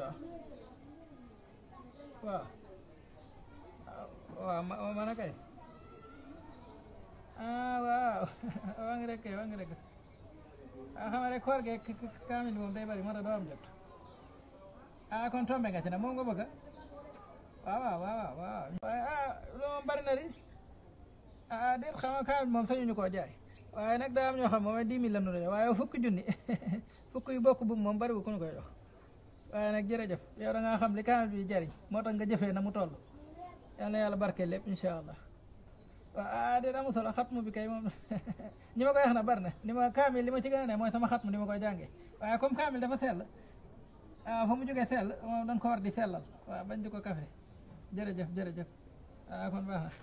la waaw waaw oh, mana kay ah waaw waa ngi rek kay waa ngi rek ah xam nga rek koor ge kaamil moom day bari moo tax doo am jot ah kon tombe nga ci nag moom nga bëgg waaw waaw waaw waaw ah loolu moom bari na di ah déet xam nga kaamil moom sañuñu koo jaay waaye nag daa am ñoo xam moom ay dix mille la nu waaye fukki junni fukk yu bokk bu moom bari bu ku ñu koy jox waaye nag jërëjëf yow da ngaa xam li kaamil bi jariñ moo tax nga jëfee na mu toll yal na yàlla barke lépp incha allah waaw ah déedéet amul solo xatmu bi kay moom ni ma koy wax na bari na ni ma kaamil li ma ci gën a mooy sama xatmu ni ma koy jàngee waaye comme kaamil dafa sell waaw ah, fa mu jógee sell moom dañ ko war di sellal waaw bañ di ko kafe jërëjëf jërëjëf waaw ah, kon baax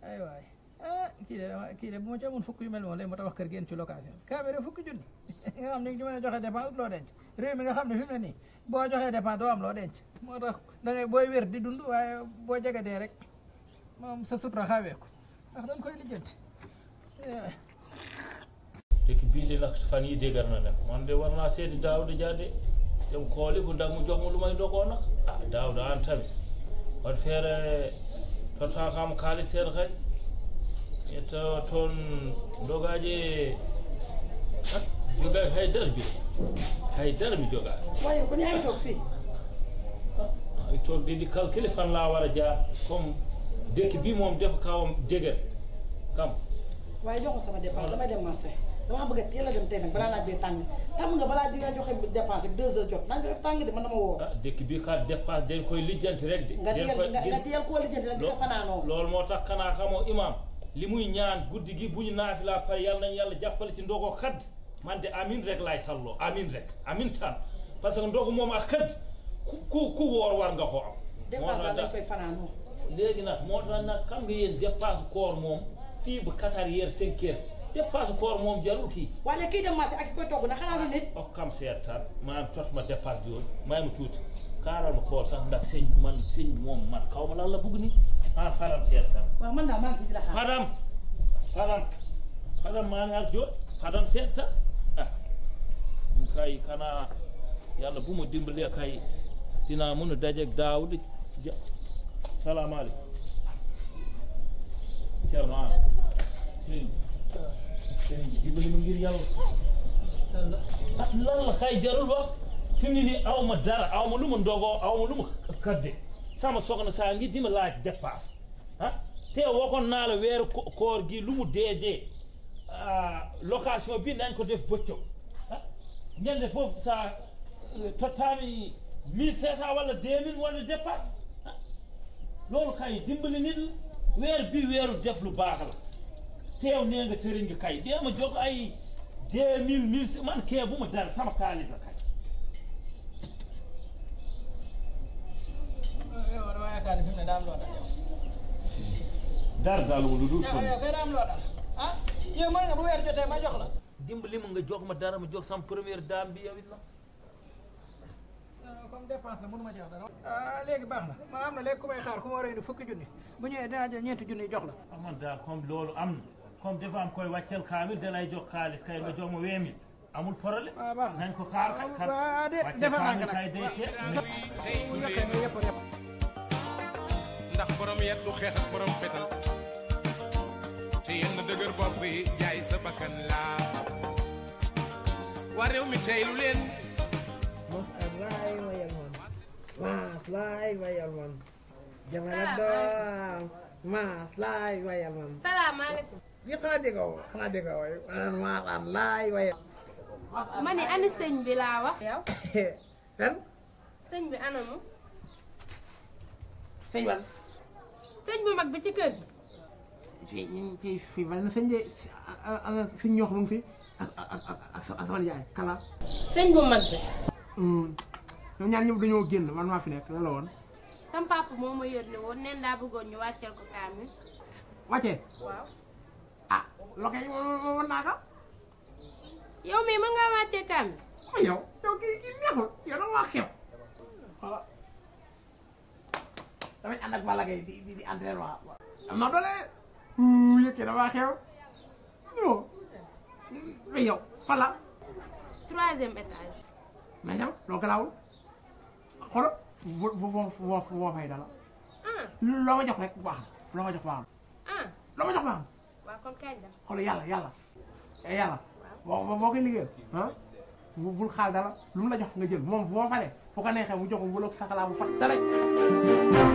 na ay waay ah kii de dama kii de bu ma ci amoon fukk yu mel noonu léegi ma tabax kër gi ci location caméra fukki junni nga xam ne ñu a joxe dépense ut loo denc réew xam ne fi mu ne nii doo am moo tax da booy wér di dund waaye boo jege rek moom sa sutura xawee ndax koy lijjanti dëkk bii yi déggar na nag man de daaw di jàdde dem xooli bu mu jox ma lu may dogoo ah daaw da an feere tottakaam xaalis seen xëy 예저 톤 노가지 joga hay dara jóg hay dara mi jogaa waaye ku ne yaa ngi toog fii toog di di calculer fan laa war a jaar comme dëkk bii moom def kawam dégër kam waaye joxo sama dépense damay dem marché damaa bëgg a teel a dem tey nag balaa naaj bee tàng tàmm nga balaa di nga joxe dépense ak deux heures jot naa ngi def tàng de man dama woo ah dëkk bi ka dépense dañ koy lijjanti rek de nga teel nga teel koo lijjanti nag di nga fanaanoo loolu moo tax xanaa xamoo imaam li muy ñaan guddi gi bu ñu naafilaa pare yàlla nañu yàlla jàppale ci ndogo xadd man de amin rek laay salloo amin rek amin tan parce que ndogu moom ak xëdd ku ku woor war nga ko am. dépense lañ koy fanaanoo. léegi nag moo tax nag xam nga yéen dépense koor moom fii ba quatre heures cinq heures koor moom jarul kii. waaye kii dem marché ak ki koy togg na xanaa du nit. ok kam seet tan tot ma dépense bi yoon maa ngi mu tuuti. xaaral ma xool sax ndax sëñ man sëñ bi man xaw ma lan la bëgg ni ah xaaral seet tam. waaw man maa ngi jot xaaral seet tam ah kay xanaa yàlla bu ma dimbalee kay dinaa mën a daaw di ja salaamaaleykum. Thierno ah sëñ bi sëñ bi dimbali ma ngir yàlla. lan la xay jarul fi mu nii aw ma dara aw ma lu ma ndogoo aw lu ma kadde sama soxna saa ngi di ma laaj dépasse ah te waxoon naa la weeru koor gi lu mu dee dee ah, location bi nañ ko def bëccëg ah ñende foofu saa euh, tottaami mille cinq cent wala deux mille wala dépasse ah loolu kay dimbali nit weer bi weeru def lu baax la teew nee nga sëriñ nga kay dee ma jox ay deux mille mille man kee bu ma dara sama kaalis la dara daaluma lu dul sonn ah yow mën nga bu jox ma nga jox ma dara ma jox sama première dame bi yow it la. Euh, comme dépense la mënuma jox ah, baax na man am na léegi ku may xaar ku ma war a indi fukki junni bu ñëwee dinaa jël ñeenti junni jox la. amoon ah, daal comme loolu am na comme koy wàcceel kaamil dalay jox xaalis kay nga jox ma weemi amul problème. Ah, nañ ko xaar. waaw waaw de defaral nga nag kay day teel. ndax borom yet du xeex ak borom fetal te yenn dëgër bopp yi jaay sa bakkan laa waa réew mi tey lu leen mos ak laay ma yalwan maas laay ma yalwan jamana doom yi xanaa dégg woo xanaa dégg woo maanaam maas ak laay ma yalwan ma ne sëñ bi laa wax yow kan sëñ bi anamu sëñ sëñ bu mag bi ci kër gi. ñu ngi fi bari na sëñ de sëñ ñoo xam fi ak ak ak sama jaay kala. bu mag bi. Hmm. ñoom ñaar ñëpp dañoo génn man maa fi nekk lan la woon. sam papa moo ma yónnee woon neen daa bëggoon ñu wàcceel ko kaamil. ah loo koy woon yow mii mën ngaa wàccee kaamil. Oh, yow yow kii kii neexul yow da waa xew. damay ànd ak Balla Gaye di di di entraînement am na doole yëkkee damaa xew non mais yow fan étage. ma ñëw loo galaawul xoolal boo boo fay dala. loo ma jox rek bu baax na. loo ma jox baax na. waaw yàlla yàlla eh, yàlla. waaw boo boo koy liggéeyal bu ah? bul xaal dara lu mu la jox nga jël moom boo paree fu ko neexee mu jox ko bu la saxalaa bu fat dara